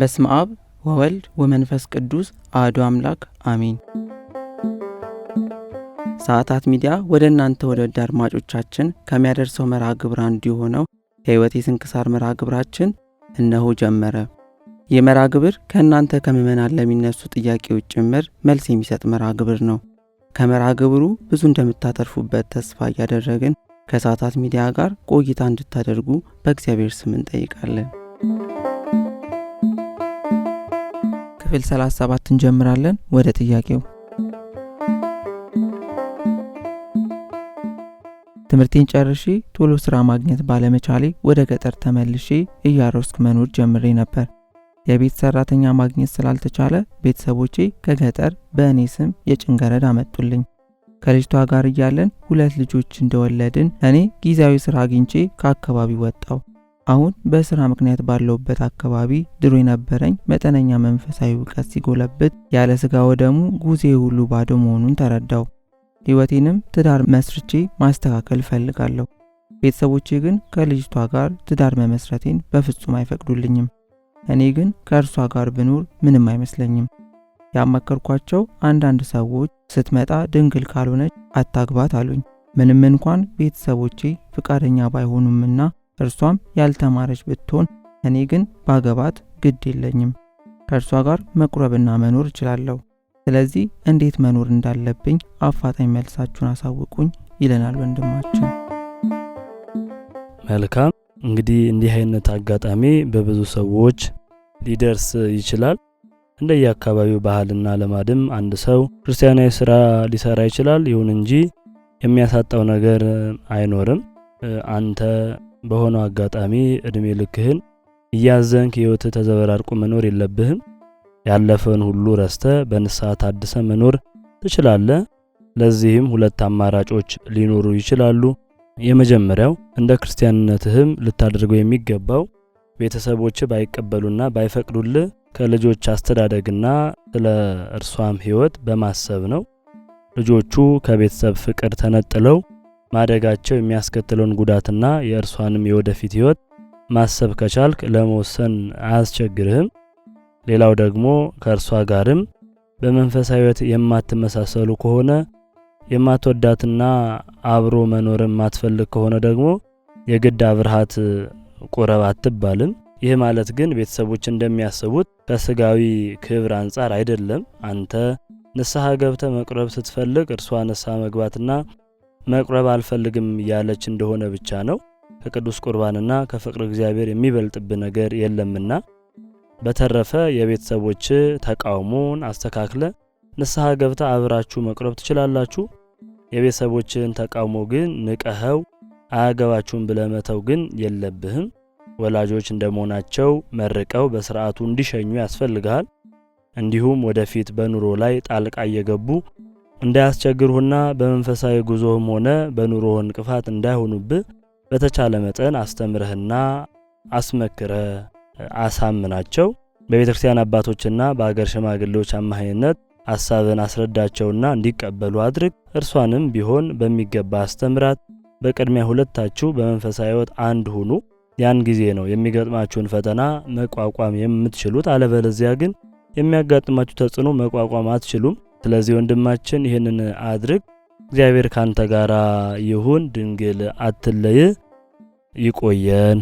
በስመ አብ ወወልድ ወመንፈስ ቅዱስ አሐዱ አምላክ አሜን። ሰዓታት ሚዲያ ወደ እናንተ ወደ ወደ አድማጮቻችን ከሚያደርሰው መርሃ ግብር አንዱ የሆነው የሕይወት የስንክሳር መርሃ ግብራችን እነሆ ጀመረ። ይህ መርሃ ግብር ከእናንተ ከምዕመናን ለሚነሱ ጥያቄዎች ጭምር መልስ የሚሰጥ መርሃ ግብር ነው። ከመርሃ ግብሩ ብዙ እንደምታተርፉበት ተስፋ እያደረግን ከሰዓታት ሚዲያ ጋር ቆይታ እንድታደርጉ በእግዚአብሔር ስም እንጠይቃለን። ክፍል 37 እንጀምራለን። ወደ ጥያቄው ትምህርቴን ጨርሼ ቶሎ ስራ ማግኘት ባለመቻሌ ወደ ገጠር ተመልሼ እያሮስክ መኖር ጀምሬ ነበር። የቤት ሰራተኛ ማግኘት ስላልተቻለ ቤተሰቦቼ ከገጠር በእኔ ስም የጭንገረድ አመጡልኝ። ከልጅቷ ጋር እያለን ሁለት ልጆች እንደወለድን እኔ ጊዜያዊ ስራ አግኝቼ ከአካባቢ ወጣው። አሁን በስራ ምክንያት ባለውበት አካባቢ ድሮ የነበረኝ መጠነኛ መንፈሳዊ እውቀት ሲጎለብት ያለ ስጋ ወደሙ ጉዜ ሁሉ ባዶ መሆኑን ተረዳው። ህይወቴንም ትዳር መስርቼ ማስተካከል እፈልጋለሁ። ቤተሰቦቼ ግን ከልጅቷ ጋር ትዳር መመስረቴን በፍጹም አይፈቅዱልኝም። እኔ ግን ከእርሷ ጋር ብኖር ምንም አይመስለኝም። ያማከርኳቸው አንዳንድ ሰዎች ስትመጣ ድንግል ካልሆነች አታግባት አሉኝ። ምንም እንኳን ቤተሰቦቼ ፍቃደኛ ባይሆኑምና እርሷም ያልተማረች ብትሆን እኔ ግን ባገባት ግድ የለኝም። ከእርሷ ጋር መቁረብና መኖር እችላለሁ። ስለዚህ እንዴት መኖር እንዳለብኝ አፋጣኝ መልሳችሁን አሳውቁኝ ይለናል ወንድማችን። መልካም እንግዲህ እንዲህ አይነት አጋጣሚ በብዙ ሰዎች ሊደርስ ይችላል። እንደየአካባቢው ባህልና ልማድም አንድ ሰው ክርስቲያናዊ ስራ ሊሰራ ይችላል። ይሁን እንጂ የሚያሳጣው ነገር አይኖርም። አንተ በሆነው አጋጣሚ እድሜ ልክህን እያዘንክ ህይወት ተዘበራርቆ መኖር የለብህም። ያለፈን ሁሉ ረስተ በንስሐ ታድሰ መኖር ትችላለ ለዚህም ሁለት አማራጮች ሊኖሩ ይችላሉ። የመጀመሪያው እንደ ክርስቲያንነትህም ልታደርገው የሚገባው ቤተሰቦች ባይቀበሉና ባይፈቅዱልህ ከልጆች አስተዳደግና ስለ እርሷም ህይወት በማሰብ ነው። ልጆቹ ከቤተሰብ ፍቅር ተነጥለው ማደጋቸው የሚያስከትለውን ጉዳትና የእርሷንም የወደፊት ህይወት ማሰብ ከቻልክ ለመወሰን አያስቸግርህም። ሌላው ደግሞ ከእርሷ ጋርም በመንፈሳዊ ህይወት የማትመሳሰሉ ከሆነ የማትወዳትና አብሮ መኖር የማትፈልግ ከሆነ ደግሞ የግድ አብርሃት ቁረብ አትባልም። ይህ ማለት ግን ቤተሰቦች እንደሚያስቡት ከስጋዊ ክብር አንጻር አይደለም። አንተ ንስሐ ገብተ መቁረብ ስትፈልግ እርሷ ንስሐ መግባትና መቁረብ አልፈልግም እያለች እንደሆነ ብቻ ነው። ከቅዱስ ቁርባንና ከፍቅር እግዚአብሔር የሚበልጥብ ነገር የለምና። በተረፈ የቤተሰቦች ተቃውሞን አስተካክለ ንስሐ ገብታ አብራችሁ መቁረብ ትችላላችሁ። የቤተሰቦችን ተቃውሞ ግን ንቀኸው አያገባችሁም ብለመተው ግን የለብህም። ወላጆች እንደመሆናቸው መርቀው በስርዓቱ እንዲሸኙ ያስፈልግሃል። እንዲሁም ወደፊት በኑሮ ላይ ጣልቃ እየገቡ እንዳያስቸግርሁና በመንፈሳዊ ጉዞህም ሆነ በኑሮህ እንቅፋት እንዳይሆኑብህ በተቻለ መጠን አስተምረህና አስመክረህ አሳምናቸው። በቤተ ክርስቲያን አባቶችና በአገር ሽማግሌዎች አማካኝነት ሐሳብን አስረዳቸውና እንዲቀበሉ አድርግ። እርሷንም ቢሆን በሚገባ አስተምራት። በቅድሚያ ሁለታችሁ በመንፈሳዊ ሕይወት አንድ ሁኑ። ያን ጊዜ ነው የሚገጥማችሁን ፈተና መቋቋም የምትችሉት። አለበለዚያ ግን የሚያጋጥማችሁ ተጽዕኖ መቋቋም አትችሉም። ስለዚህ ወንድማችን ይህንን አድርግ። እግዚአብሔር ካንተ ጋር ይሁን። ድንግል አትለይ። ይቆየን።